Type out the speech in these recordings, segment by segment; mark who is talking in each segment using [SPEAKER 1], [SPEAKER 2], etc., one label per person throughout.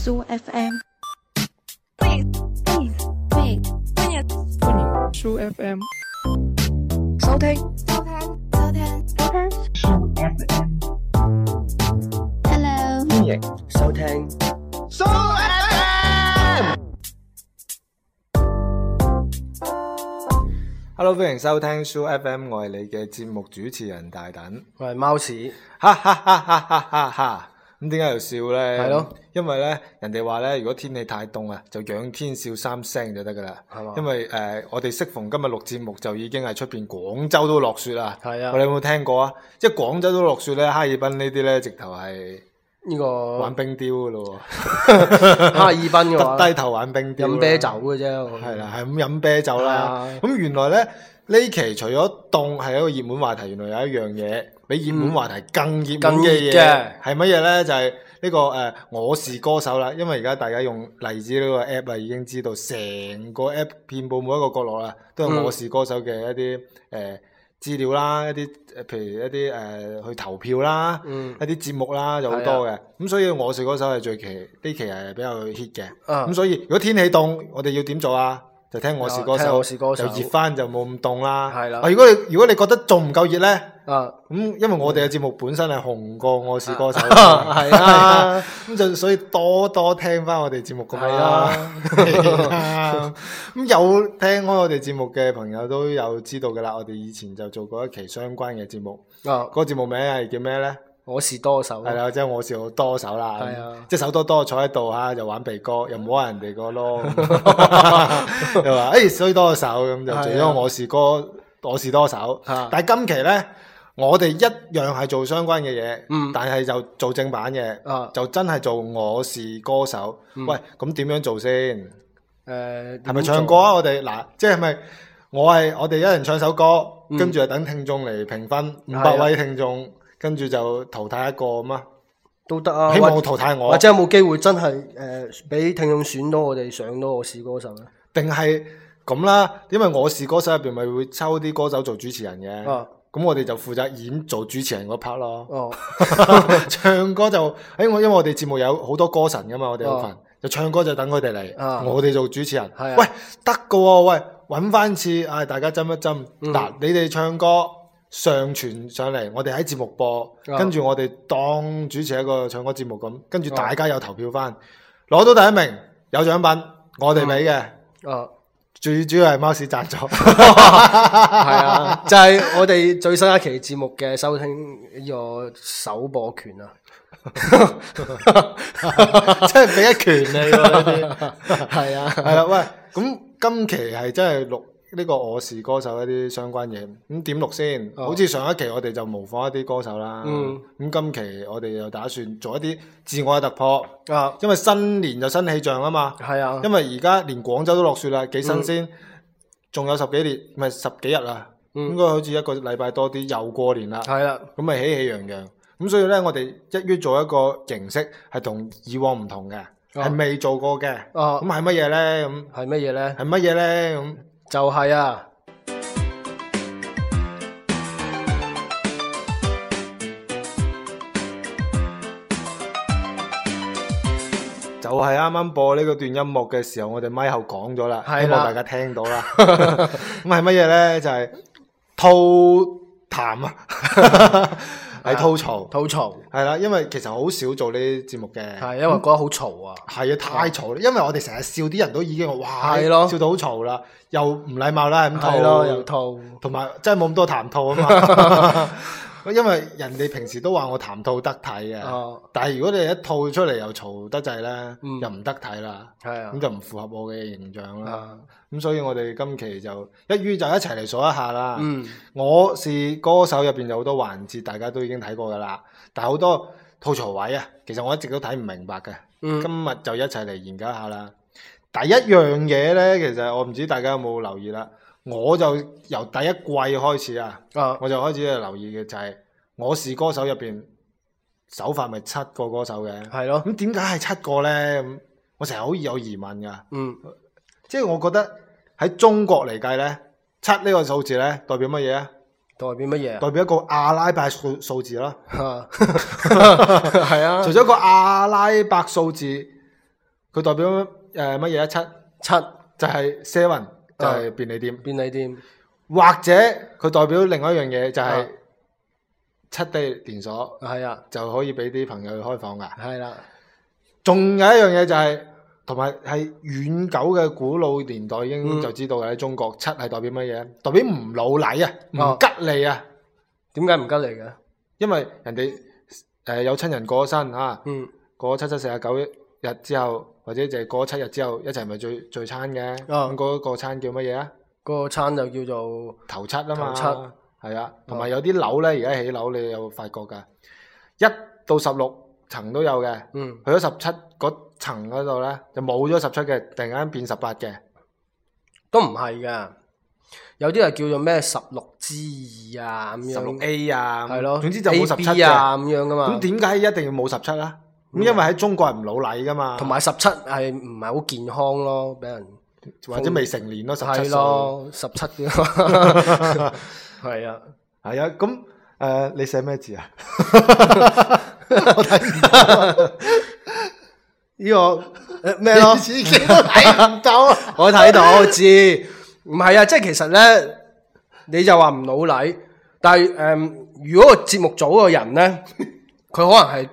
[SPEAKER 1] 蘇 FM，歡迎蘇 FM 收聽，收聽，收聽蘇 FM，歡迎收聽蘇 FM，Hello，歡迎收聽蘇 FM，Hello，歡迎收聽蘇 FM，我係你嘅節目主持人大躉，我係貓屎，哈哈哈哈哈哈哈。咁點解又笑咧？ 因為咧，人哋話咧，如果天氣太凍啊，就仰天笑三聲就得噶啦。吧因為誒、呃，我哋適逢今日錄節目，就已經係出邊廣州都落雪啊。我哋有冇聽過啊？即係廣州都落雪咧，哈爾濱呢啲咧，直頭係呢個玩冰雕噶咯喎。 哈爾濱嘅話，得低頭玩冰雕，飲啤酒嘅啫。係啦、啊，係咁飲啤酒啦。咁、啊啊、原來咧呢期除咗凍係一個熱門話題，原來有一樣嘢。比熱門話題更熱門嘅嘢係乜嘢咧？就係、是、呢、這個誒、呃，我是歌手啦。因為而家大家用荔枝呢個 app 啦，已經知道成個 app 遍布每一個角落啦，都有「我是歌手嘅一啲誒資料啦，一啲譬如一啲誒、呃、去投票啦，嗯、一啲節目啦，就好多嘅。咁、啊、所以我是歌手係最期呢期係比較 hit 嘅。咁、嗯、所以如果天氣凍，我哋要點做啊？就聽我是歌手，聽我是歌手，熱就熱翻就冇咁凍啦。啊、如果你如果你覺得仲唔夠熱咧？啊，咁因為我哋嘅節目本身係紅過《我是歌手》係啊，咁就所以多多聽翻我哋節目咁樣啦。咁有聽開我哋節目嘅朋友都有知道㗎啦，我哋以前就做過一期相關嘅節目。啊，個節目名係叫咩呢？《我是多手》係啦，即係我是多手啦。係啊，即係手多多坐喺度吓，又玩鼻哥，又摸下人哋個咯。又話誒，衰多手咁就做咗《我是歌》，我是多手。但係今期咧，我哋一樣係做相關嘅嘢，嗯、但係就做正版嘅，啊、就真係做我是歌手。嗯、喂，咁點樣做先？誒、呃，係咪唱歌啊？嗯、我哋嗱，即係咪我係我哋一人唱首歌，跟住等聽眾嚟評分，五百位聽眾，跟住、嗯啊、就淘汰一個咁啊，都得啊。希望淘汰我。或者，或者有冇機會真係誒俾聽眾選到我哋上到我是歌手咧？定係咁啦，因為我是歌手入邊咪會抽啲歌手做主持人嘅。啊。咁我哋就負責演做主持人嗰 part 咯，oh. 唱歌就，因為我哋節目有好多歌神噶嘛，我哋有份，oh. 就唱歌就等佢哋嚟，oh. 我哋做主持人，oh. 喂，得噶喎，喂，搵翻次，大家斟一斟。嗱、mm hmm. 你哋唱歌上傳上嚟，我哋喺節目播，oh. 跟住我哋當主持一個唱歌節目咁，跟住大家又投票翻，攞、oh. 到第一名有獎品，我哋俾嘅，oh. Oh. 最主要係貓屎贊助，係逼 是啊，就係我哋最新一期節目嘅收聽呢個首播權啊，即係俾一拳你喎，係啊，係啦，喂，咁今期係真係錄。呢個我是歌手一啲相關嘢，咁點錄先？好似上一期我哋就模仿一啲歌手啦。咁今期我哋又打算做一啲自我嘅突破。啊，因為新年就新氣象啊嘛。係啊，因為而家連廣州都落雪啦，幾新鮮。仲有十幾年，唔係十幾日啦。應該好似一個禮拜多啲，又過年啦。係啦，咁咪喜氣洋洋。咁所以咧，我哋一於做一個形式係同以往唔同嘅，係未做過嘅。咁係乜嘢咧？咁係乜嘢咧？係乜嘢咧？咁。就係啊！就係啱啱播呢個段音樂嘅時候，我哋咪後講咗啦，啊、希望大家聽到啦。咁係乜嘢呢？就係、是、吐痰啊！ 係吐槽，吐槽係啦，因為其實好少做呢啲節目嘅，係、啊、因為覺得好嘈啊，係啊太嘈啦，因為我哋成日笑啲人都已經，哇，啊、笑到好嘈啦，又唔禮貌啦，咁吐咯、啊，又吐，同埋真係冇咁多談吐啊嘛。 因為人哋平時都話我談吐得體嘅，哦、但係如果你一吐出嚟又嘈得滯咧，嗯、又唔得體啦，咁、啊、就唔符合我嘅形象啦。咁、啊、所以我哋今期就一於就一齊嚟數一下啦。嗯、我是歌手入邊有好多環節，大家都已經睇過噶啦，但係好多吐槽位啊，其實我一直都睇唔明白嘅。嗯、今日就一齊嚟研究一下啦。第一樣嘢咧，其實我唔知大家有冇留意啦。我就由第一季開始啊，啊我就開始留意嘅就係《我是歌手》入邊，手法咪七個歌手嘅。係咯的，咁點解係七個咧？咁我成日好有疑問㗎。嗯，即係我覺得喺中國嚟計咧，七呢個數字咧代表乜嘢？代表乜嘢？代表，代表一個阿拉伯數數字啦。係啊，除咗個阿拉伯數字，佢代表誒乜嘢？七七就係 seven。就係便利店，便利店或者佢代表另外一樣嘢，就係七地連鎖，係啊，就可以俾啲朋友去開房噶。係啦的，仲有一樣嘢就係同埋係遠久嘅古老年代已經就知道嘅喺、嗯、中國，七係代表乜嘢？代表唔老禮啊，唔、嗯、吉利啊。點解唔吉利嘅？因為人哋誒、呃、有親人過身啊，過咗、嗯、七七四十九日之後。或者就係過七日之後一齊咪聚聚餐嘅，咁嗰、嗯嗰個嗰個餐叫乜嘢啊？嗰個餐就叫做頭七啊嘛，頭七，係啊，同埋、嗯、有啲樓咧，而家起樓你有發覺㗎，一到十六層都有嘅，嗯、去咗十七嗰層嗰度咧就冇咗十七嘅，突然間變十八嘅，都唔係㗎，有啲係叫做咩十六之二啊咁樣，十六 A 啊，係咯，的總之就冇十七啊。咁樣㗎嘛。咁點解一定要冇十七啊？咁因為喺中國係唔老禮噶嘛，同埋十七係唔係好健康咯，俾人或者未成年咯，十七咯，十七嘅係啊，係啊，咁你寫咩字啊？我睇唔到。呢、 這個誒咩咯？我睇到我知，我睇到字，唔係啊，即係其實呢，你就話唔老禮，但係、呃、如果個節目組嘅人呢，佢可能係。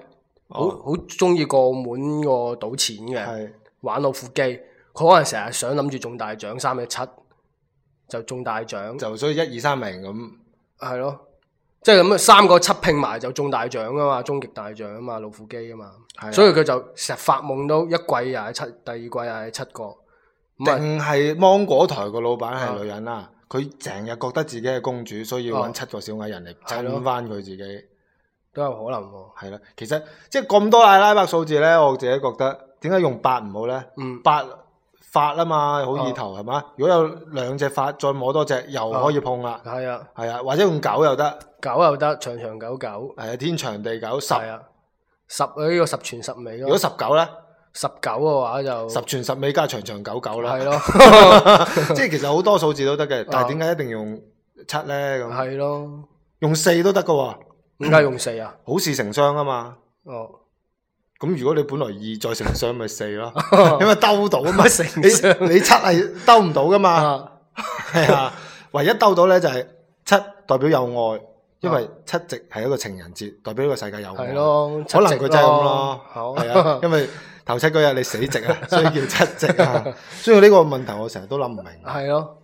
[SPEAKER 1] 好好鍾意過滿個賭錢嘅，的玩老虎機，佢可能成日想諗住中大獎三一七，3, 7, 就中大獎，就所以一二三名咁。係咯，即係咁啊，三個七拼埋就中大獎啊嘛，終極大獎啊嘛，老虎機啊嘛，的所以佢就成日發夢都一季又係七，第二季又係七個。唔係芒果台個老闆係女人啦、啊，佢成日覺得自己係公主，所以要揾七個小矮人嚟襯翻佢自己。的都有可能喎，係啦，其實即係咁多阿拉伯數字呢，我自己覺得點解用八唔好呢？嗯，八發啊嘛，好意頭係嘛？如果有兩隻發，再摸多隻，又可以碰啦。係啊，係啊，或者用九又得，九又得，長長久久，係啊，天長地久，十十啊呢個十全十美。如果十九呢，十九嘅話就十全十美加長長久久啦。係咯，即其實好多數字都得嘅，但係點解一定用七呢？咁？係咯，用四都得嘅。點解用四啊，嗯？好事成雙啊嘛！哦，咁如果你本來二再成雙咪四咯， 因為兜到啊嘛成， 你七係兜唔到噶嘛，係 啊，唯一兜到咧就係七代表有愛，因為七夕係一個情人節，代表呢個世界有愛。係咯，可能佢真係咁咯，係啊， 因為頭七嗰日你死夕啊，所以叫七夕啊。所以呢個問題我成日都諗唔明。係咯。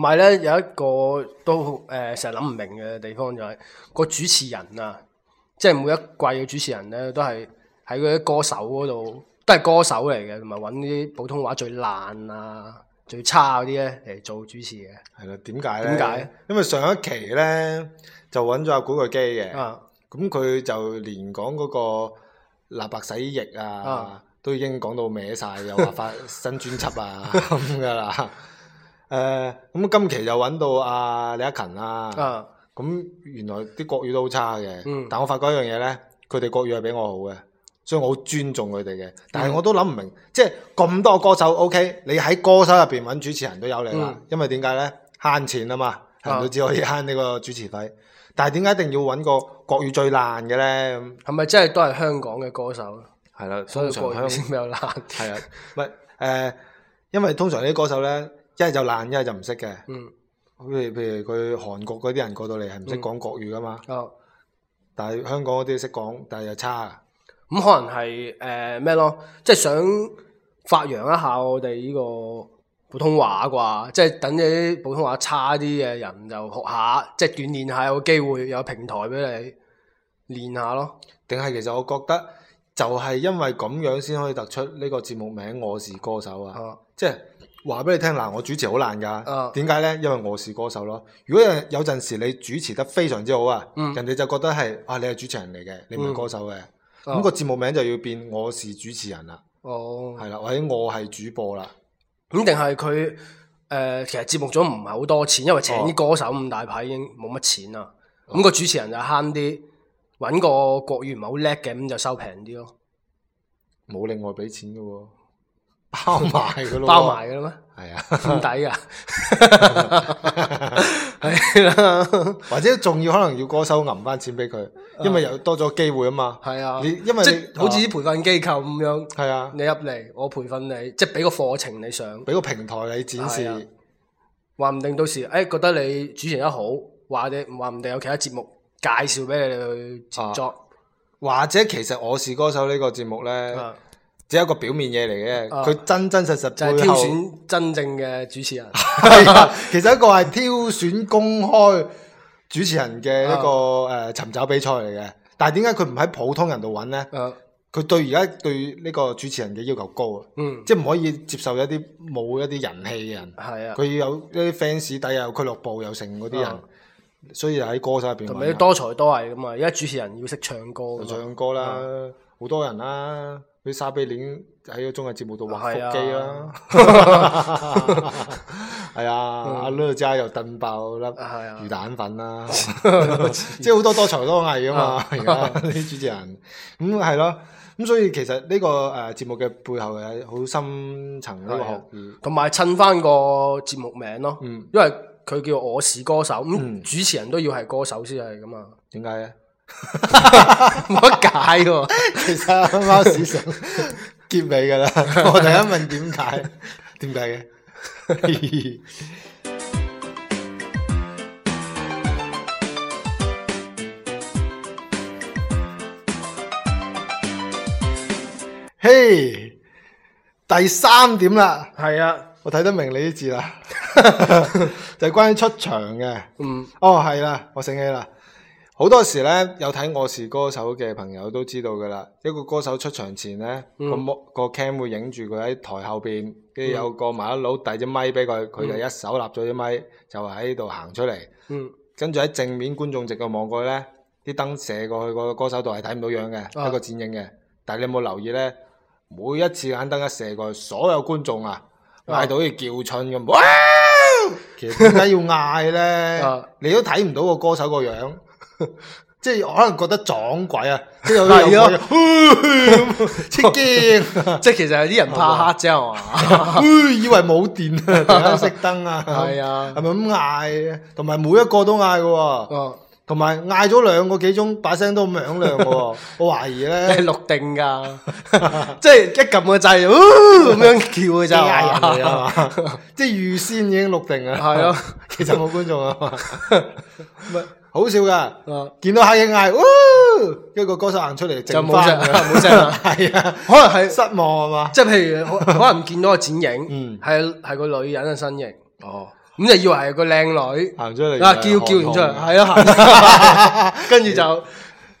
[SPEAKER 1] 同埋咧，有一個都誒，成日諗唔明嘅地方就係、是、個主持人啊，即係每一季嘅主持人咧，都係喺嗰啲歌手嗰度，都係歌手嚟嘅，同埋揾啲普通話最爛啊、最差嗰啲咧嚟做主持嘅。係啦，點解咧？點解？因為上一期咧就揾咗阿古巨基嘅，咁佢、啊、就連講嗰個立白洗衣液啊，啊都已經講到歪晒，又話發新專輯啊咁噶啦。 誒咁、呃、今期就揾到阿、啊、李克勤啦，咁、啊、原來啲國語都好差嘅，嗯、但我發覺一樣嘢咧，佢哋國語係比我好嘅，所以我好尊重佢哋嘅。但係我都諗唔明，嗯、即係咁多歌手 OK，你喺歌手入邊揾主持人都有你啦，嗯、因為點解咧慳錢啊嘛，人都、啊、只可以慳呢個主持費。但係點解一定要揾個國語最爛嘅咧？係咪真係都係香港嘅歌手？係啦，所以香港先比較爛啲的。係啊，唔係誒，因為、呃、通常啲歌手咧。一係就爛，一係就唔識嘅。嗯，好似譬如佢韓國嗰啲人過到嚟係唔識講國語噶嘛。嗯、但係香港嗰啲識講，但係又差。咁、嗯、可能係誒咩咯？即係想發揚一下我哋呢個普通話啩。即係等你啲普通話差啲嘅人就學下，即係鍛鍊下有機會有平台俾你練下咯。定係其實我覺得就係因為咁樣先可以突出呢個節目名《我是歌手》啊。嗯、即係。話俾你聽，嗱，我主持好難噶，點解咧？因為我是歌手咯。如果有有陣時你主持得非常之好啊，嗯、人哋就覺得係啊，你係主持人嚟嘅，你唔係歌手嘅，咁、嗯、個節目名就要變我是主持人啦。哦，係啦，或者我係主播啦。咁定係佢誒？其實節目組唔係好多錢，因為請啲歌手咁大牌已經冇乜錢啦。咁、哦哦、個主持人就慳啲，揾個國語唔係好叻嘅，咁就收平啲咯。冇另外俾錢嘅喎。包埋噶咯，包埋噶咩？係啊，咁抵噶，係啦。或者仲要可能要歌手揞翻錢俾佢，因為又多咗機會啊嘛。係啊，你因為即好似啲培訓機構咁樣，係啊，你入嚟我培訓你，即係俾個課程你上，俾個平台你展示。話唔定到時，誒，覺得你主持得好，話你，話唔定有其他節目介紹俾你哋去製作。或者其實我是歌手呢個節目咧，只係一個表面嘢嚟嘅，佢、啊、真真實實背後就係挑選真正嘅主持人。 其實一個係挑選公開主持人嘅一個誒尋、啊、找比賽嚟嘅。但係點解佢唔喺普通人度揾呢？佢、啊、對而家對呢個主持人嘅要求高啊。嗯、即係唔可以接受一啲冇一啲人氣嘅人。係、嗯、啊，佢要有一啲 fans 底啊，有俱樂部，有成嗰啲人，所以就喺歌手入邊同埋要多才多藝咁嘛。而家主持人要識唱歌，唱歌啦，好、嗯、多人啦。啲沙比玲喺個綜藝節目度玩腹肌啦，係啊，阿樂嘉又蹬爆粒魚蛋粉啦、啊， 即係好多多才多藝啊嘛！而家啲主持人咁係咯，咁、 啊、所以其實呢、這個誒節、呃、目嘅背後係好深層嘅，同埋襯返個節目名咯，嗯、因為佢叫我歌、嗯、是歌手是，咁主持人都要係歌手先係咁啊？點解咧？冇得解嘅， 其實貓屎想結尾噶啦。我第一問點解？點解嘅？嘿 ，hey, 第三點啦。係啊，我睇得明你啲字啦。就係關於出場嘅。嗯。哦，係啦，我醒起啦。好多時咧，有睇我是歌手嘅朋友都知道噶啦。一個歌手出場前咧，嗯、個個 cam 會影住佢喺台後邊，跟住有個麻甩佬遞隻咪俾佢，佢就一手立咗隻咪就，就喺度行出嚟。跟住喺正面觀眾席個望過去咧，啲燈射過去，個歌手度係睇唔到樣嘅，嗯啊、一個剪影嘅。但係你有冇留意咧？每一次眼燈一射過去，所有觀眾啊，嗌到好似叫春咁，哇！其實點解要嗌咧？啊、你都睇唔到個歌手個樣。即係可能覺得撞鬼啊，即係有鬼咁，驚！即係其實有啲人怕黑啫，係嘛？以為冇電啊，點樣熄燈啊？係啊，係咪咁嗌？同埋每一個都嗌嘅，同埋嗌咗兩個幾鐘，把聲都咁響亮嘅。我懷疑咧，係錄定噶，即係一撳個掣，咁樣叫嘅就係嘛？即係預先已經錄定啊？係咯，其實冇觀眾啊嘛，好笑噶，見到黑影嗌，嗚，一個歌手行出嚟，就冇聲，冇聲，係啊，可能係失望係嘛？即係譬如可能唔見到個剪影，係係個女人嘅身形，哦，咁就以為係個靚女行出嚟，啊叫叫完出嚟，係啦，跟住就，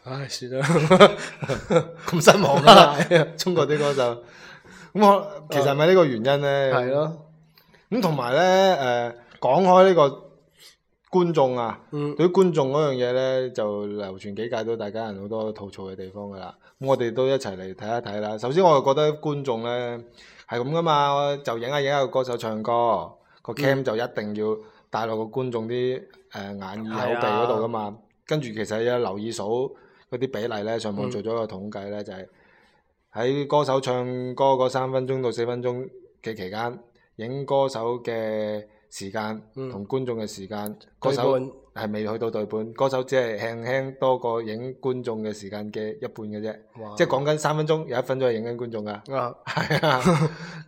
[SPEAKER 1] 唉，算啦，咁失望啦，係啊，中國啲歌手，咁我其實係咪呢個原因咧，係咯，咁同埋咧，誒，講開呢個。觀眾啊，嗯、對於觀眾嗰樣嘢呢，就流傳幾屆都大家有好多吐槽嘅地方噶啦。咁我哋都一齊嚟睇一睇啦。首先我就覺得觀眾呢係咁噶嘛，就影下影下個歌手唱歌，嗯、個 cam 就一定要帶落個觀眾啲誒眼耳口鼻嗰度噶嘛。嗯、跟住其實有留意數嗰啲比例呢，上網做咗一個統計呢，嗯、就係喺歌手唱歌嗰三分鐘到四分鐘嘅期間，影歌手嘅時間同觀眾嘅時間，嗯、歌手係未去到對半，歌手只係輕輕多過影觀眾嘅時間嘅一半嘅啫，哇即係講緊三分鐘、嗯、有一分鐘係影緊觀眾噶，係啊，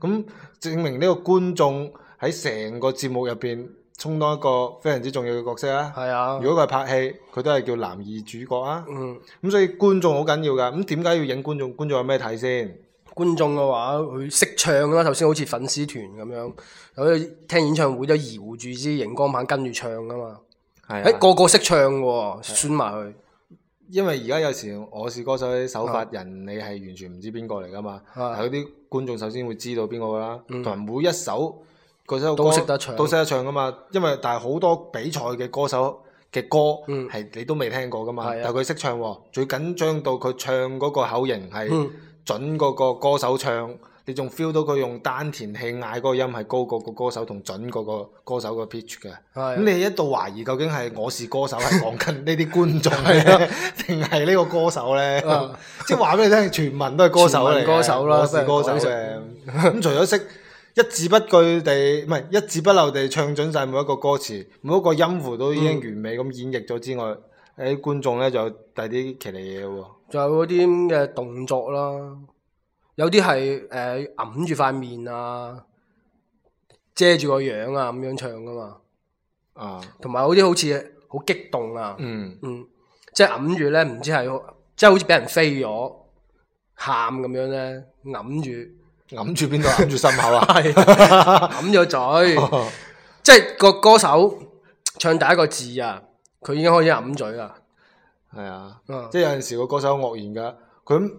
[SPEAKER 1] 咁 證明呢個觀眾喺成個節目入邊充當一個非常之重要嘅角色啊。係啊，如果佢係拍戲，佢都係叫男二主角啊。咁、嗯、所以觀眾好緊要噶，咁點解要影觀眾？觀眾有咩睇先？觀眾嘅話，佢識唱啦。頭先好似粉絲團咁樣，有啲聽演唱會都搖住支熒光棒跟住唱噶嘛。係，誒個個識唱嘅喎，算埋佢。因為而家有時我是歌手啲手法人，你係完全唔知邊個嚟噶嘛。係嗰啲觀眾首先會知道邊個啦。同埋每一首嗰首都識得唱，都識得唱噶嘛。因為但係好多比賽嘅歌手嘅歌係你都未聽過噶嘛。但係佢識唱喎，最緊張到佢唱嗰個口型係。準嗰個歌手唱，你仲 feel 到佢用丹田氣嗌嗰個音係高過個歌手同準嗰個歌手個 pitch 嘅。咁的你一度懷疑究竟係我是歌手係講緊呢啲觀眾，定係呢個歌手呢？即係話俾你聽，全民都係歌手嚟，歌手啦，是歌手上」。咁、 嗯、除咗識一字不句地，唔係一字不漏地唱準晒每一個歌詞，每一個音符都已經完美咁演繹咗之外。嗯啲觀眾咧就睇啲奇離嘢喎，仲有嗰啲咁嘅動作啦，有啲係誒揞住塊面啊，遮住個樣啊咁樣唱噶嘛，啊，同埋有啲好似好激動啊，嗯嗯，即係揞住咧，唔知係即係好似俾人飛咗，喊咁樣咧揞住，揞住邊度？揞住心口啊？揞咗 嘴， 即係個歌手唱第一個字啊！佢已經開始揞嘴啦，係啊，即係有陣時個歌手愕然噶，佢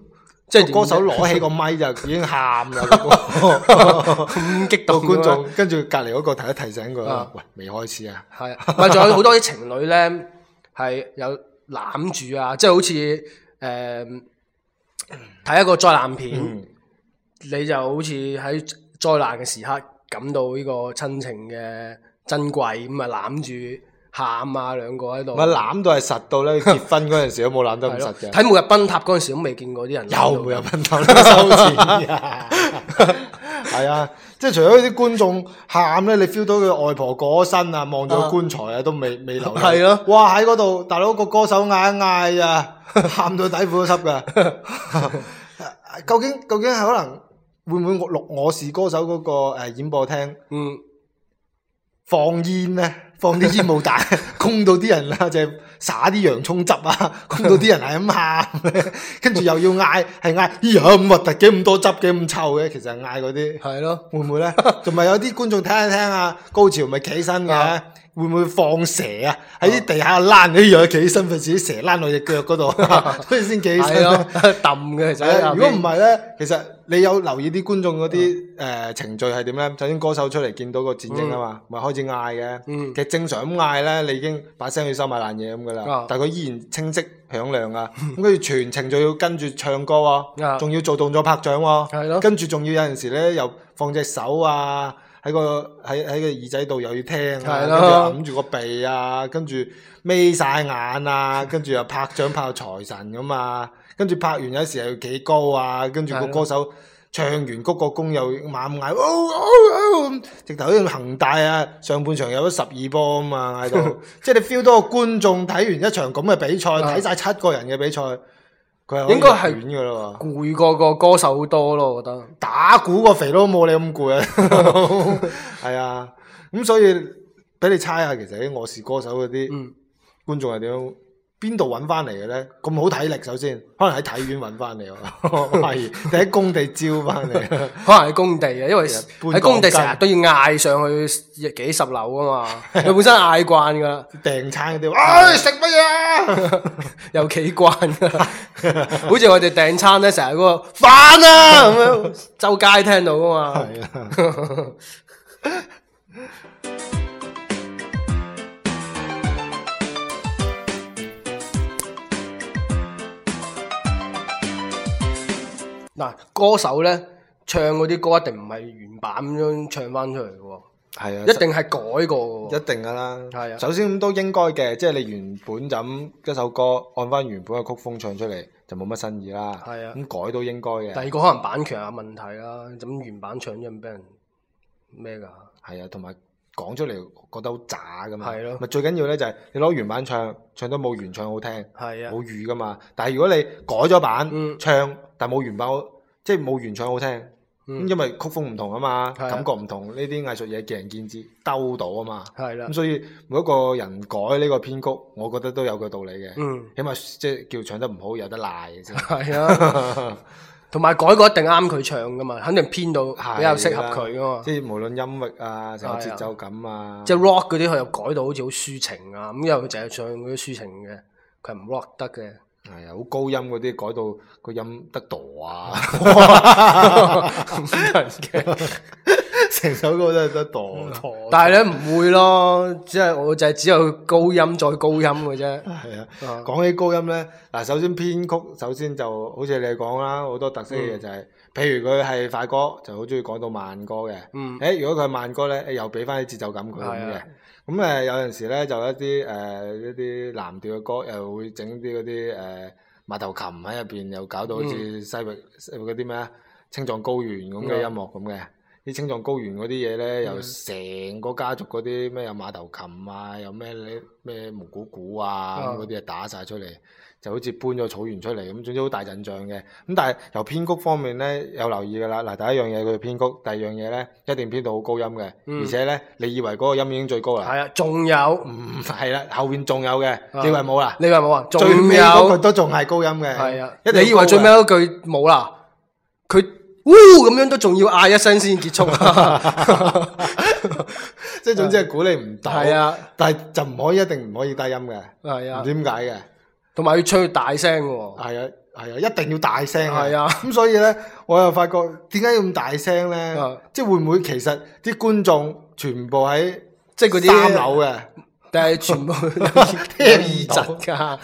[SPEAKER 1] 即係歌手攞起個咪，就 已經喊啦，咁 激到觀眾跟住隔籬嗰個提一提醒佢， 喂，未開始啊，係啊，喂仲有好多啲情侶咧，係有攬住啊，即、就、係、是、好似誒睇一個災難片，嗯、你就好似喺災難嘅時刻感到呢個親情嘅珍貴，咁啊攬住。喊啊！兩個喺度，咪攬到係實到咧。結婚嗰陣時，有 時都冇攬得咁實嘅。睇每日賓塔嗰陣時都未見過啲人。又每日賓塔收錢。係啊，即係除咗啲觀眾喊咧，你 feel 到佢外婆過身啊，望住個棺材啊，都未未流。係咯、 啊，哇！喺嗰度，大佬、個歌手嗌嗌啊，喊到底褲都濕㗎。 究竟究竟係可能會唔會錄《我是歌手》嗰個誒演播廳？嗯，放煙咧？放啲煙霧彈，控到啲人啊！就撒啲洋葱汁啊，控到啲人係咁喊，跟住又要嗌，係嗌咦呀，咁核突，幾咁多汁嘅，咁臭嘅，其實嗌嗰啲。係咯，會唔會咧？同埋有啲觀眾聽下聽下高潮，咪企起身嘅，會唔會放蛇啊？喺啲地下攔嗰啲樣，企起身，咪自己蛇攔落隻腳嗰度，所以先企起身。係啊，揼嘅其實。如果唔係咧，其實。你有留意啲觀眾嗰啲誒程序係點咧？首先歌手出嚟見到個剪影啊嘛，咪、嗯、開始嗌嘅，嗯、其實正常咁嗌咧，你已經把聲去收埋爛嘢咁噶啦。嗯、但係佢依然清晰響亮啊！咁跟住全程就要跟住唱歌喎、啊，仲、嗯、要做動作拍掌喎、啊，的跟住仲要有陣時咧又放隻手啊，喺個喺喺個耳仔度又要聽、啊，的跟住揞住個鼻啊，跟住。眯曬眼啊，跟住又拍掌拍到財神咁啊，跟住拍完有時候又幾高啊，跟住個歌手唱完鞠個躬又猛嗌，嘩嘩嘩嘩，直頭好似恒大啊，上半場有咗十二波啊嘛，嗌 到，即係你 feel 到個觀眾睇完一場咁嘅比賽，睇晒對七個人嘅比賽，佢係應該係攰過個歌手好多咯，我覺得。打鼓個肥佬冇你咁攰，啊。係啊，咁所以畀你猜下，其實喺我是歌手嗰啲。嗯觀眾係點樣？邊度搵翻嚟嘅咧？咁好體力首先，可能喺體院搵翻嚟，我懷疑。你喺工地招翻嚟，可能喺工地嘅，因為喺工地成日都要嗌上去幾十樓啊嘛。 你本身嗌慣噶啦，訂餐嗰啲話，唉食乜嘢啊？又企慣， 乏 好似我哋訂餐咧，成日嗰個飯啊咁樣，周街聽到啊嘛。係啊。 嗱，歌手呢，唱嗰啲歌一定唔係原版咁樣唱翻出嚟嘅喎，係啊，一定係改過嘅，一定噶啦，係啊。首先咁都應該嘅，即係你原本咁一首歌按翻原本嘅曲風唱出嚟就冇乜新意啦，係啊。咁改都應該嘅。第二個可能版權有問題啦，咁原版唱咗唔俾人咩噶。係啊，同埋。講出嚟覺得好渣噶嘛，咪最緊要咧就係你攞原版唱，唱得冇原唱好聽，冇語噶嘛。但係如果你改咗版唱，但冇原版好，即係冇原唱好聽，因為曲風唔同啊嘛，感覺唔同。呢啲藝術嘢見仁見智，兜到啊嘛。係啦，咁所以每一個人改呢個編曲，我覺得都有佢道理嘅，起碼即係叫唱得唔好有得賴嘅啫。同埋改過一定啱佢唱噶嘛，肯定編到比較適合佢噶嘛。即係無論音域啊，就有節奏感啊，即係 rock 嗰啲佢又改到好似好抒情啊，咁因為佢淨係唱嗰啲抒情嘅，佢唔 rock 得嘅。係啊，好高音嗰啲改到個音得度啊！哈成首歌都係得度、 嗯，但係咧唔會咯，即係我就係只有高音再高音嘅啫。係 啊，嗯、講起高音咧，嗱，首先編曲，首先就好似你講啦，好多特色嘅就係、是，嗯、譬如佢係快歌，就好中意講到慢歌嘅。嗯，誒，如果佢係慢歌咧，又俾翻啲節奏感佢咁嘅。咁誒、啊、有陣時咧，就一啲誒、呃、一啲藍調嘅歌，又會整啲嗰啲誒馬頭琴喺入邊，又搞到好似西域嗰啲咩啊青藏高原咁嘅音樂咁嘅、嗯。嗯啲青藏高原嗰啲嘢咧，嗯、有成個家族嗰啲咩有馬頭琴啊，有咩咧咩蒙古鼓啊，嗰啲啊打晒出嚟，就好似搬咗草原出嚟，咁總之好大陣仗嘅。咁但係由編曲方面咧，有留意噶啦。嗱第一樣嘢佢嘅編曲，第二樣嘢咧一定編到好高音嘅，嗯、而且咧你以為嗰個音已經最高啦？係啊、嗯，仲有，唔係啦，後邊仲有嘅，嗯、你以為冇啦？你以為冇啊？有最尾嗰句都仲係高音嘅。係啊、嗯，一定你以為最尾嗰句冇啦？佢。嗚，咁樣都仲要嗌一聲先結束， 即係總之係鼓勵唔到，啊的，但係就唔可以一定唔可以低音嘅。係啊的，點解嘅？同埋要吹大聲嘅。係啊，係啊，一定要大聲。係啊的，咁、嗯、所以咧，我又發覺點解要咁大聲咧？的即係會唔會其實啲觀眾全部喺即係嗰啲三樓嘅？但係全部都 聽耳震噶，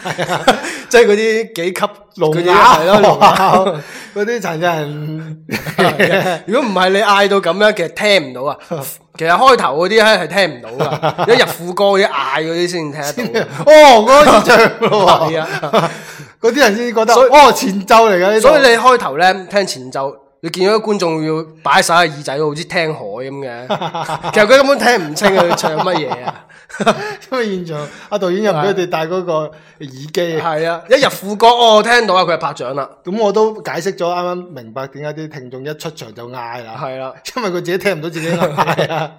[SPEAKER 1] 即係嗰啲幾級聾啞，嗰啲殘疾人。如果唔係你嗌到咁樣，其實聽唔到啊。其實開頭嗰啲係係聽唔到噶， 一入副歌嘅嗌嗰啲先聽得到。 哦，嗰段唱，係 啊，嗰啲 人先至覺得以哦前奏嚟嘅，所以，所以你開頭咧聽前奏。你見到啲觀眾要擺曬耳仔，好似聽海咁嘅，其實佢根本聽唔清佢唱乜嘢啊！因為現場，阿導演又唔俾佢哋戴嗰個耳機。係啊，一入副歌，我聽到啊，佢係拍掌啦。咁我都解釋咗，啱啱明白點解啲聽眾一出場就嗌啦。係啦，因為佢自己聽唔到自己嗌啊，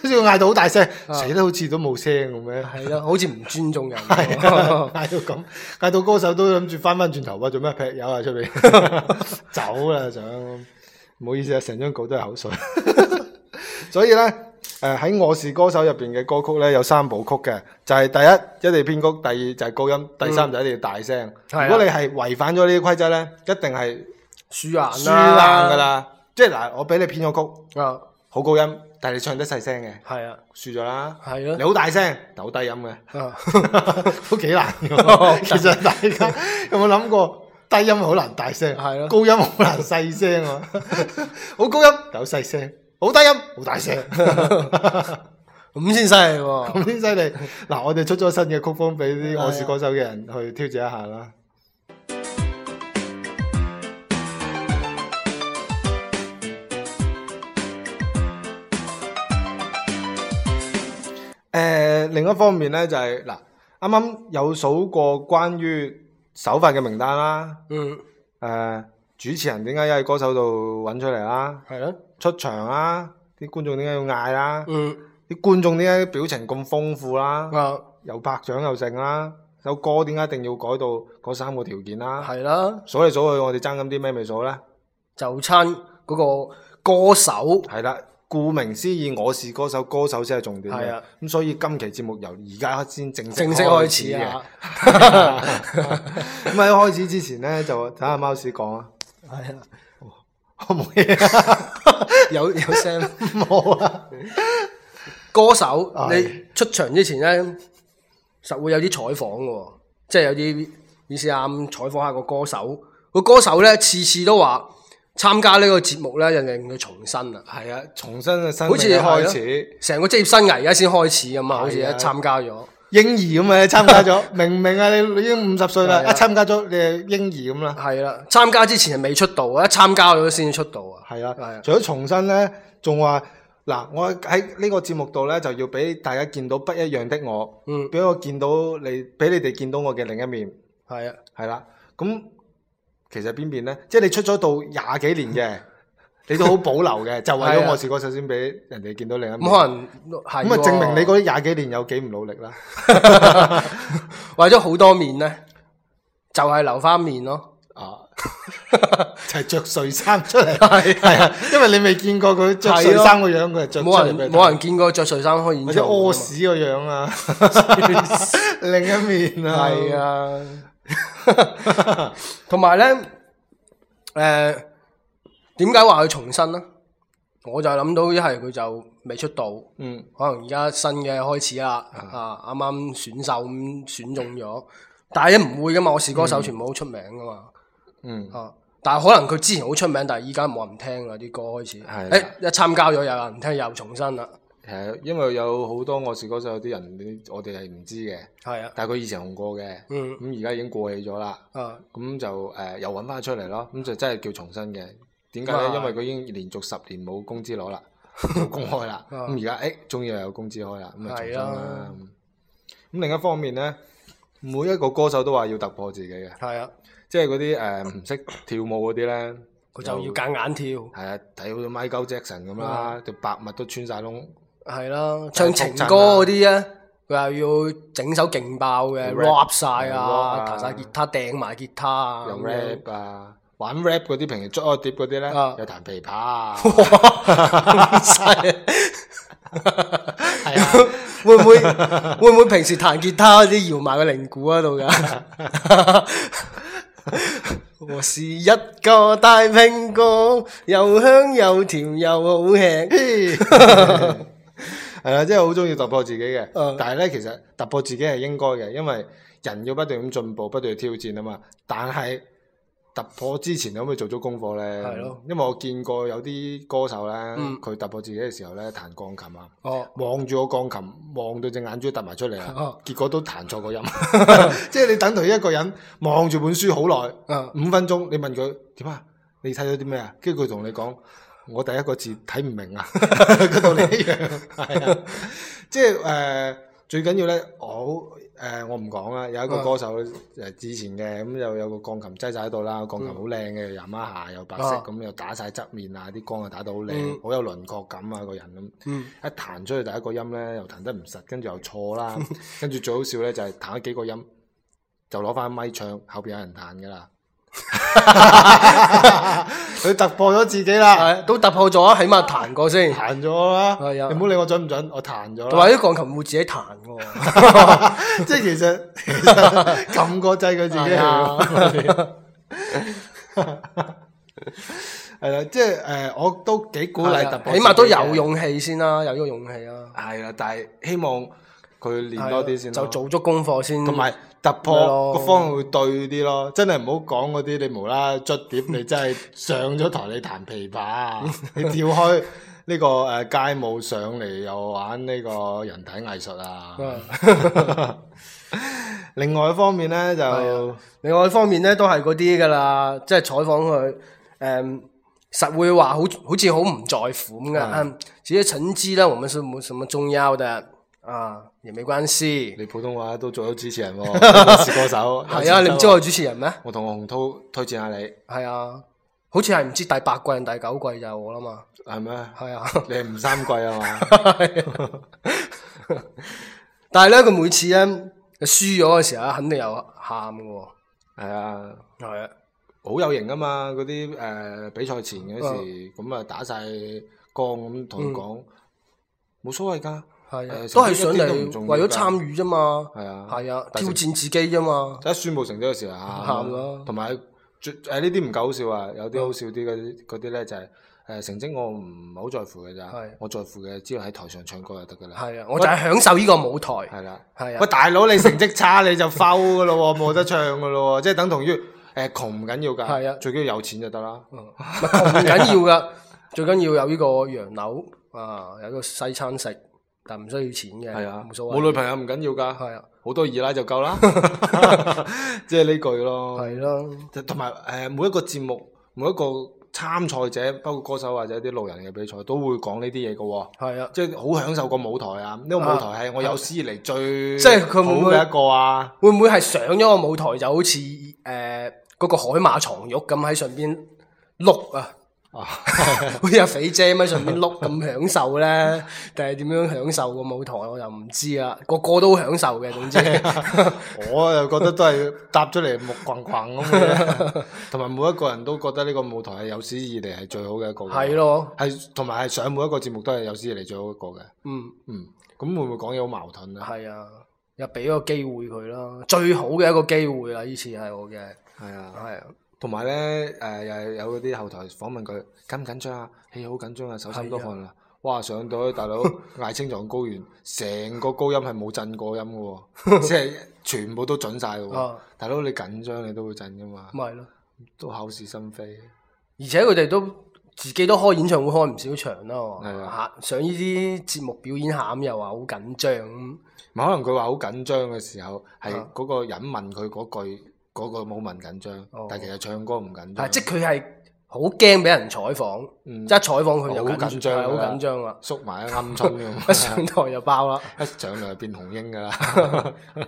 [SPEAKER 1] 跟住佢嗌到好大聲，死都好似都冇聲咁樣。係咯，好似唔尊重人。係嗌到咁，嗌到歌手都諗住翻翻轉頭啊！做咩劈友啊？出邊走啦，就唔好意思啊，成張稿都係口水， 所以呢，誒、呃、喺我是歌手入面嘅歌曲咧有三部曲嘅，就係、是、第一一定要編曲，第二就係高音，第三就是一定要大聲。嗯、如果你係違反咗呢啲規則呢，一定係輸硬啦，輸硬噶啦。啊、即係嗱，我俾你編咗曲，好、啊、高音，但係你唱得細聲嘅，係輸咗啦。了啊、你好大聲，但係好低音嘅，啊， 都幾難。其實大家有冇諗過？低音好難大聲，係咯，高音好難細聲啊！ 好高音，有細聲，好低音，好大聲，咁先犀利喎，咁先犀利。嗱， 我哋出咗新嘅曲風俾啲我是歌手嘅人去挑戰一下啦。誒、啊哎呃，另一方面咧就係、是、嗱，啱啱有數過關於，首發嘅名單啦，誒、嗯呃，主持人點解要喺歌手度揾出嚟啦？係咯的，出場啦，啲觀眾點解要嗌啦？嗯，啲觀眾點解表情咁豐富啦？嗯、又拍掌又剩啦，首歌點解一定要改到嗰三個條件啦？係啦的，數嚟數去我哋爭緊啲咩未數咧？就親嗰個歌手係啦。顧名思義，我是歌手，歌手先係重點嘅。咁、啊、所以今期節目由而家先正式正式開始嘅。咁喺開,開始之前呢，就睇下貓史講啊。係 啊，我冇嘢，有有聲冇。歌手你出場之前呢，實會有啲採訪嘅，即係有啲電視啱採訪下個歌手。個歌手呢，次次都話。參加呢個節目呢，人哋要重新啦，係啊，重新嘅生，好似開始，成個職業生涯而家先開始啊嘛，好似一參加咗嬰兒咁啊，參加咗，明明啊，你已經五十歲啦，一參加咗你係嬰兒咁啦，係啦，參加之前係未出道啊，一參加咗先出道啊，係啦，係啊，除咗重新咧，仲話嗱，我喺呢個節目度咧，就要俾大家見到不一樣的我，嗯，俾我見到你，俾你哋見到我嘅另一面，係啊，係啦，咁。其實邊邊呢？即係你出咗到廿幾年嘅， 你都好保留嘅， 就為咗我是歌手先俾人哋見到另一面。冇可能係，咁證明你嗰啲廿幾年有幾唔努力啦。為咗好多面咧，就係、是、留翻面咯。啊！ 就係着睡衫出嚟，係係 啊，因為你未見過佢着睡衫個樣，佢係着冇人冇人見過着睡衫開演唱會屙屎個樣啊， 另一面啊，係 是啊，同埋咧，誒、呃，點解話佢重新咧？我就諗到一係佢就未出道，嗯，可能而家新嘅開始啦，嗯、啊，啱啱選秀咁選中咗，但係一唔會噶嘛，我是歌手全部好出名噶嘛。嗯 嗯哦，但係可能佢之前好出名，但係依家冇人唔聽啦啲歌開始。係誒，一參加咗又啊，唔聽又重新啦。係因為有好多我是歌手有啲人，我哋係唔知嘅。係啊，但係佢以前紅過嘅。嗯，咁而家已經過去咗啦。咁就誒又搵翻出嚟咯，咁就真係叫重新嘅。點解咧？因為佢已經連續十年冇工資攞啦，公開啦。咁而家誒，終於又有工資開啦。咁啊，重新啦。咁另一方面咧，每一個歌手都話要突破自己嘅。係啊。即係嗰啲誒唔識跳舞嗰啲咧，佢就要夾硬跳。係啊，睇好似 Michael Jackson 咁啦，條白襪都穿晒窿。係啦，唱情歌嗰啲咧，佢又要整首勁爆嘅 rap 晒啊，彈晒吉他，掟埋吉他啊。有 rap 啊，玩 rap 嗰啲，平時捉個碟嗰啲咧，又彈琵琶啊。係啊，會唔會會唔會平時彈吉他啲搖埋個靈鼓喺度㗎？ 我是一個大蘋果，又香又甜又好吃。係 啊， 真係好中意突破自己嘅。嗯、但係呢，其實突破自己係應該嘅，因為人要不斷咁進步，不斷挑戰啊嘛。但係。突破之前，可唔可以做足功課咧？係咯， 因為我見過有啲歌手咧，佢突破自己嘅時候咧，彈鋼琴啊，望住個鋼琴，望到隻眼珠突埋出嚟啊，結果都彈錯個音。即 係 你等同一個人望住本書好耐，五、uh. 分鐘，你問佢點啊？你睇咗啲咩啊？跟住佢同你講，我第一個字睇唔明啊，佢 同你一樣，係啊，即係誒，最緊要咧，我。誒、呃、我唔講啦，有一個歌手誒之、啊、前嘅咁又有個鋼琴擠曬喺度啦，鋼琴好靚嘅，又吟一下又白色，咁又打晒側面啊，啲光又打得好靚，好、嗯、有輪廓感啊個人咁，嗯、一彈出去第一個音咧又彈得唔實，跟住又錯啦，嗯、跟住最好笑咧就係彈咗幾個音 就攞翻咪唱，後邊有人彈㗎啦。佢 突破咗自己啦，都突破咗，起碼彈過先，彈咗啦。的你唔好理我準唔準，我彈咗。同埋啲鋼琴會自己彈嘅，即係其實撳個掣佢自己。係啦，即係誒，我都幾鼓勵突破，起碼都有勇氣先啦、啊，有呢個勇氣啦、啊。係啦，但係希望。佢練多啲先，就做足功課先。同埋突破個方向會對啲咯，真係唔好講嗰啲你無啦啦捽碟， 你真係上咗台你彈琵琶， 你跳開呢個誒街舞上嚟又玩呢個人體藝術啊！的 另外一方面咧就，另外一方面咧都係嗰啲噶啦，即係採訪佢誒，嗯，實會話好好似好唔在乎咁嘅。這些成績咧，我們是冇什麼重要的。啊，亦沒關係。你普通話都做咗主持人喎，是歌手。係啊，你唔知我係主持人咩？我同阿洪濤推薦下你。係啊，好似係唔知第八季定第九季就我啦嘛。係咩？係啊。你係吳三季係嘛？但係咧，佢每次咧，佢輸咗嘅時候肯定又喊嘅。係啊。係啊。好有型啊嘛！嗰啲比賽前嗰時，咁啊打晒光咁同佢講，冇所謂噶。都係想嚟為咗參與啫嘛，啊，挑戰自己啫嘛。一宣佈成績嘅時候嚇，同埋呢啲唔夠好笑啊！有啲好笑啲嗰啲嗰啲就係成績我唔好在乎嘅咋，我在乎嘅只要喺台上唱歌就得噶啦。我就係享受依個舞台。大佬，你成績差你就摟㗎咯，冇得唱㗎咯，即係等同於誒窮唔緊要㗎，最緊要有錢就得啦。唔緊要㗎，最緊要有依個洋樓啊，有個西餐食。但唔需要錢嘅，冇所謂。冇女朋友唔緊要㗎，係啊，好多二奶就夠啦，即係呢句咯。係咯，啊，同埋誒每一個節目、每一個參賽者，包括歌手或者啲路人嘅比賽，都會講呢啲嘢嘅喎。係啊，即係好享受個舞台啊！呢、呢個舞台係我有史以嚟最即好嘅一個啊！啊啊會唔、啊、會係上咗個舞台就好似誒嗰個海馬床褥咁喺上邊碌啊？哦，好似阿肥姐喺上面碌咁享受咧，定係點樣享受個舞台，我又唔知啊，個個都享受嘅。總之、啊， 我又覺得都係搭出嚟木棍棍咁，同埋每一個人都覺得呢個舞台係有史以嚟係最好嘅一個。係咯、啊，係同埋係上每一個節目都係有史以嚟最好一個嘅。嗯嗯，咁、嗯、會唔會講嘢好矛盾啊？係啊，又俾個機會佢啦，最好嘅一個機會啦，以前係我嘅，係啊，係、啊。同埋咧，誒又有啲、呃、後台訪問佢緊唔緊張啊？氣好緊張啊，手心都汗啦！啊、哇，上到去大佬嗌青藏高原，成個高音係冇震過音嘅喎、哦， 即係全部都準晒嘅喎。啊、大佬你緊張你都會震嘅嘛？咪係咯，都口是心非。而且佢哋都自己都開演唱會開唔少場啦、哦，嚇、啊啊、上呢啲節目表演下咁又話好緊張咁。可能佢話好緊張嘅時候，係嗰個人問佢嗰句。啊嗰個冇問緊張，但係其實唱歌唔緊張。即係佢係好驚俾人採訪，嗯、即一採訪佢就緊張，好緊張啊，張縮埋一冚胸咁， 一上台就爆啦， 一上台 變紅英㗎啦。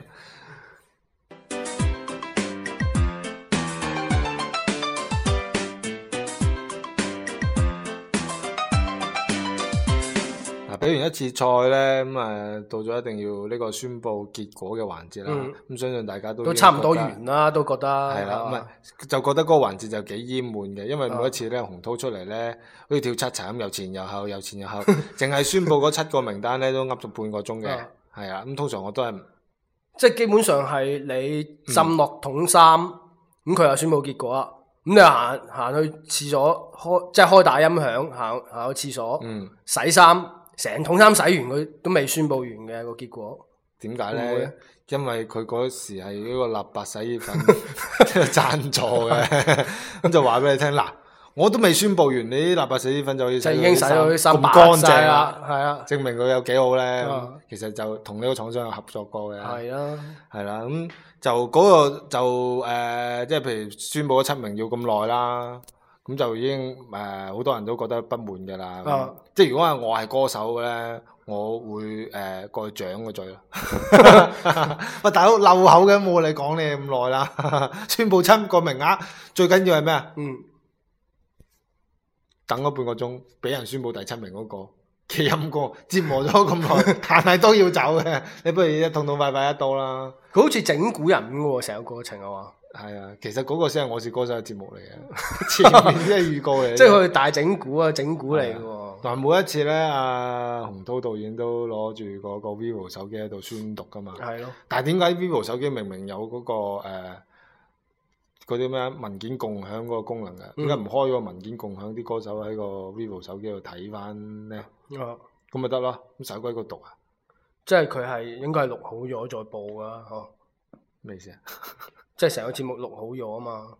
[SPEAKER 1] 睇完一次賽咧，咁啊到咗一定要呢個宣佈結果嘅環節啦。咁、嗯、相信大家都都差唔多完啦、啊，都覺得係啦，啊啊、就覺得嗰個環節就幾悶嘅，因為每一次咧洪濤出嚟咧，好似、啊、跳七層咁，由前又後，由前又後，淨係 宣佈嗰七個名單咧都噏咗半個鐘嘅。係是啊，啊，咁通常我都係即係基本上係你浸落桶衫，咁佢又宣佈結果，咁你行行去廁所，開即係開大音響，行行去廁所洗衫。成桶衫洗完佢都未宣布完嘅個結果，點解咧？因為佢嗰時係一個立白洗衣粉贊助嘅，咁就話俾你聽嗱，我都未宣布完，啲立白洗衣粉就已經洗咗啲衫咁乾淨啦，係啊，證明佢有幾好咧。其實就同呢個廠商有合作過嘅，係咯，係啦，咁就嗰個就誒，即係譬如宣布咗七名要咁耐啦。咁就已經誒，好、呃、多人都覺得不滿噶啦。即係如果係我係歌手咧，我會誒過獎個罪咯。喂、呃 啊，大佬，漏口嘅，冇你講你咁耐啦，宣布出個名額最緊要係咩啊？嗯，等咗半個鐘，俾人宣布第七名嗰、那個企音歌，折磨咗咁耐， 但係都要走嘅，你不如一痛痛快快一刀啦。佢好似整蠱人咁嘅，成個過程嘅係啊，其實嗰個先係我是歌手嘅節目嚟嘅，前面啲係預告嚟，即係佢大整蠱啊，整蠱嚟嘅。但每一次咧，阿洪濤導演都攞住嗰個 VIVO 手機喺度宣讀噶嘛。係咯的。但係點解 VIVO 手機明明有嗰、嗰個誒嗰啲咩文件共享嗰個功能嘅，點解唔開個文件共享？啲歌手喺個 VIVO 手機度睇翻咧？咁咪得咯，咁使鬼佢讀啊。嗯、即係佢係應該係錄好咗再播啊。嗬、哦？咩事啊？ 即係成個節目錄好咗啊嘛，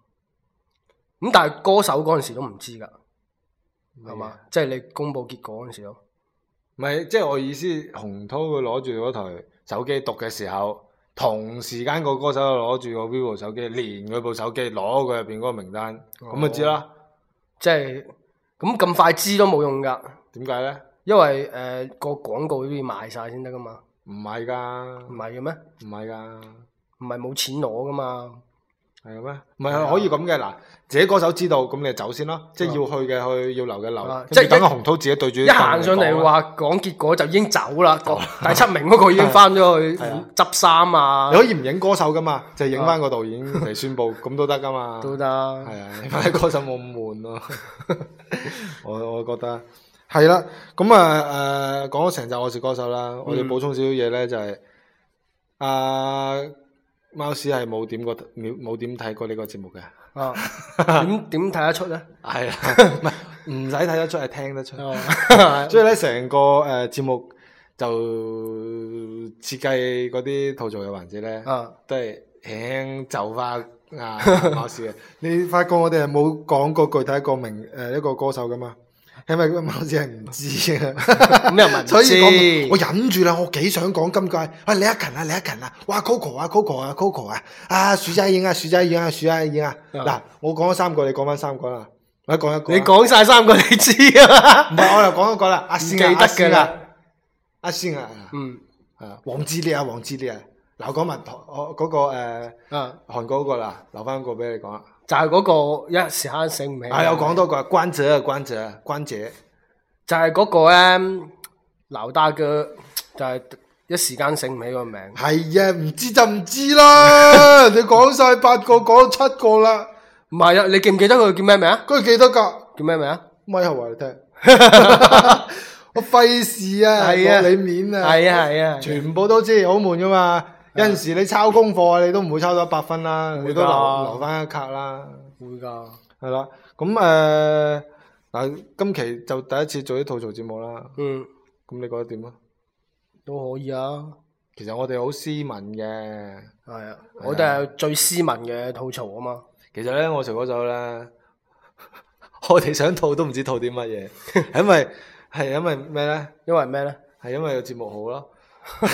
[SPEAKER 1] 咁但係歌手嗰陣時都唔知㗎，係嘛的？即係你公佈結果嗰陣時咯。唔係，即係我意思，洪濤佢攞住嗰台手機讀嘅時候，同時間個歌手攞住個 vivo 手機，連佢部手機攞佢入邊嗰個名單，咁咪、哦、知啦。即係咁咁快知都冇用㗎。點解咧？因為誒、呃、個廣告都要賣晒先得㗎嘛。唔係㗎。唔係嘅咩？唔係㗎。唔係冇錢攞噶嘛？係咩？唔係可以咁嘅嗱，自己歌手知道咁，你走先啦。即係要去嘅去，要留嘅留。即係等阿洪濤自己對住一喊上嚟，話講結果就已經走啦。第七名嗰個已經翻咗去執衫啊！你可以唔影歌手噶嘛？就影翻個導演嚟宣布咁都得噶嘛？都得係啊！影翻啲歌手冇咁悶咯。我我覺得係啦。咁啊誒，講咗成集《我是歌手》啦，我要補充少少嘢咧，就係阿。貓屎係冇點過冇點睇過呢個節目嘅，啊、哦，點點睇得出咧？係唔唔使睇得出係聽得出，哦、 所以咧成個誒節、呃、目就設計嗰啲吐槽嘅環節咧，都係輕輕走翻啊貓屎嘅。 你發覺我哋係冇講過具體一個名誒一個歌手噶嘛？係咪貌似係唔知啊？咁 所以我忍住啦，我幾想講今屆喂李克勤啊，李克勤啊，哇 Coco 啊，Coco 啊，Coco 啊，啊薯仔影啊，薯仔影啊，薯仔影啊！嗱、嗯，我講咗三個，你講翻三個啦，我一講一個。你講晒三個，你知 啊？唔、啊、係、啊啊啊啊，我又講、那個啊、一個啦，阿仙啊，阿仙啊，嗯，啊黃致列啊，黃致列啊，嗱，講埋我嗰個誒，啊韓國嗰個啦，留翻個俾你講啦。就係嗰個一時刻醒唔起，係我講多個關喆啊關喆，關喆就係嗰個咧劉大哥就係一時間醒唔起個名，係啊唔知就唔知啦，你講晒八個講七個啦，唔係啊，你記唔記得佢叫咩名啊？佢幾多個？叫咩名啊？咪後話嚟聽，我費事啊！係啊，你免啊！係啊係啊，全部都知好悶噶嘛。有陣時你抄功課，你都唔會抄到一百分啦，的你都留留翻一卡啦，會噶的。係啦，咁誒嗱，今期就第一次做啲吐槽節目啦。嗯。咁你覺得點啊？都可以啊。其實我哋好斯文嘅。係啊的，的我哋係最斯文嘅吐槽啊嘛。其實咧，我除咗咗咧， 我哋想吐都唔知吐啲乜嘢， 因為係因為咩咧？因為咩咧？係因為個節目好咯。 收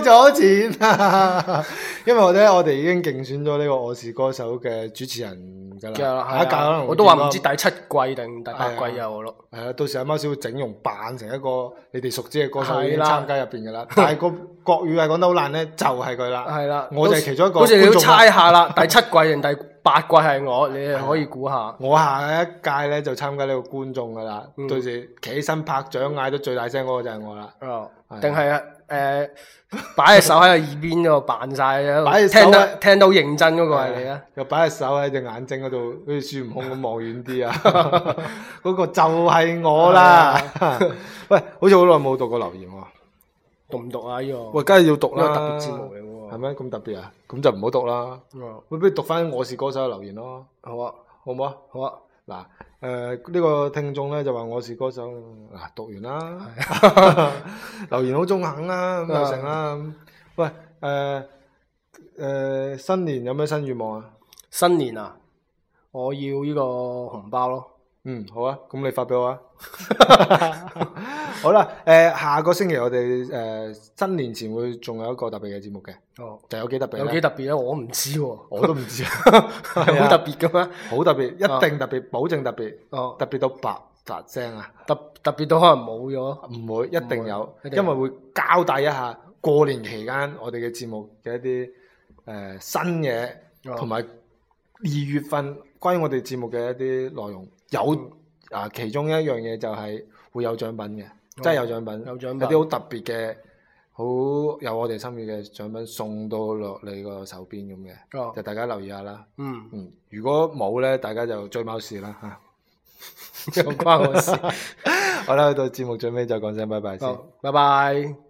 [SPEAKER 1] 咗了錢了 因為我咧，我哋已經競選咗呢、這個我是歌手嘅主持人噶啦，下一屆可能我都話唔知第七季定第八季有咯。係啊，到時阿貓小會整容扮成一個你哋熟知嘅歌手參，參加入邊噶啦。但係個國語係講得好爛咧，就係佢啦。係啦、哎呀，我就係其中一個。好似、哎、你要猜下啦， 第七季定第八季係我，哎、呀你可以估下。我下一屆咧就參加呢個觀眾噶啦，嗯、到時企起身拍掌嗌得最大聲嗰個就係我啦。定係啊？誒 Hello.，擺、呃、隻手喺個耳邊度扮晒啫，聽得 聽到， 聽到認真嗰個係你啊？ 又擺隻手喺隻眼睛嗰度，好似孫悟空咁望遠啲啊！嗰 個就係我啦。 喂，好似好耐冇讀過留言喎， 讀唔讀啊？呢、這個喂，梗係要讀啦， 特別節目嚟喎，係咩咁特別啊？咁就唔好讀啦。哦，不如讀翻我是歌手嘅留言咯。好啊，好唔好啊？好嗱。誒，呢、呃這個聽眾咧就話我是歌手，嗱、啊、讀完啦， 留言好中肯啦，咁 就成啦。喂、嗯、誒、呃、誒、呃呃，新年有咩新願望啊？新年啊，我要呢個紅包咯。嗯，好啊，咁你發俾我啊。 好啦，誒、呃，下個星期我哋誒、呃、新年前會仲有一個特別嘅節目嘅，哦，就有幾特別，有幾特別咧，我唔知、啊，我都唔知、啊，係好 特別噶咩？好、啊、特別，哦、一定特別，保證特別，哦，特別到白發聲啊，特特別到可能冇咗，唔會，一定有，定因為會交代一下過年期間我哋嘅節目嘅一啲誒、呃、新嘢，同埋二月份關於我哋節目嘅一啲內容，有啊、呃，其中一樣嘢就係會有獎品嘅。真係有獎品，哦、有啲好特別嘅，好有我哋心意嘅獎品送到落你個手邊咁嘅，哦、就大家留意一下啦、嗯嗯。如果冇咧，大家就追貓史啦，關我事。好啦，到節目最尾就講聲拜拜先，好拜拜。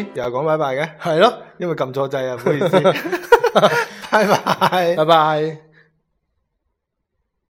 [SPEAKER 1] 誒，又係講拜拜嘅，係咯，因為撳錯掣啊，唔好意思，拜拜，拜拜。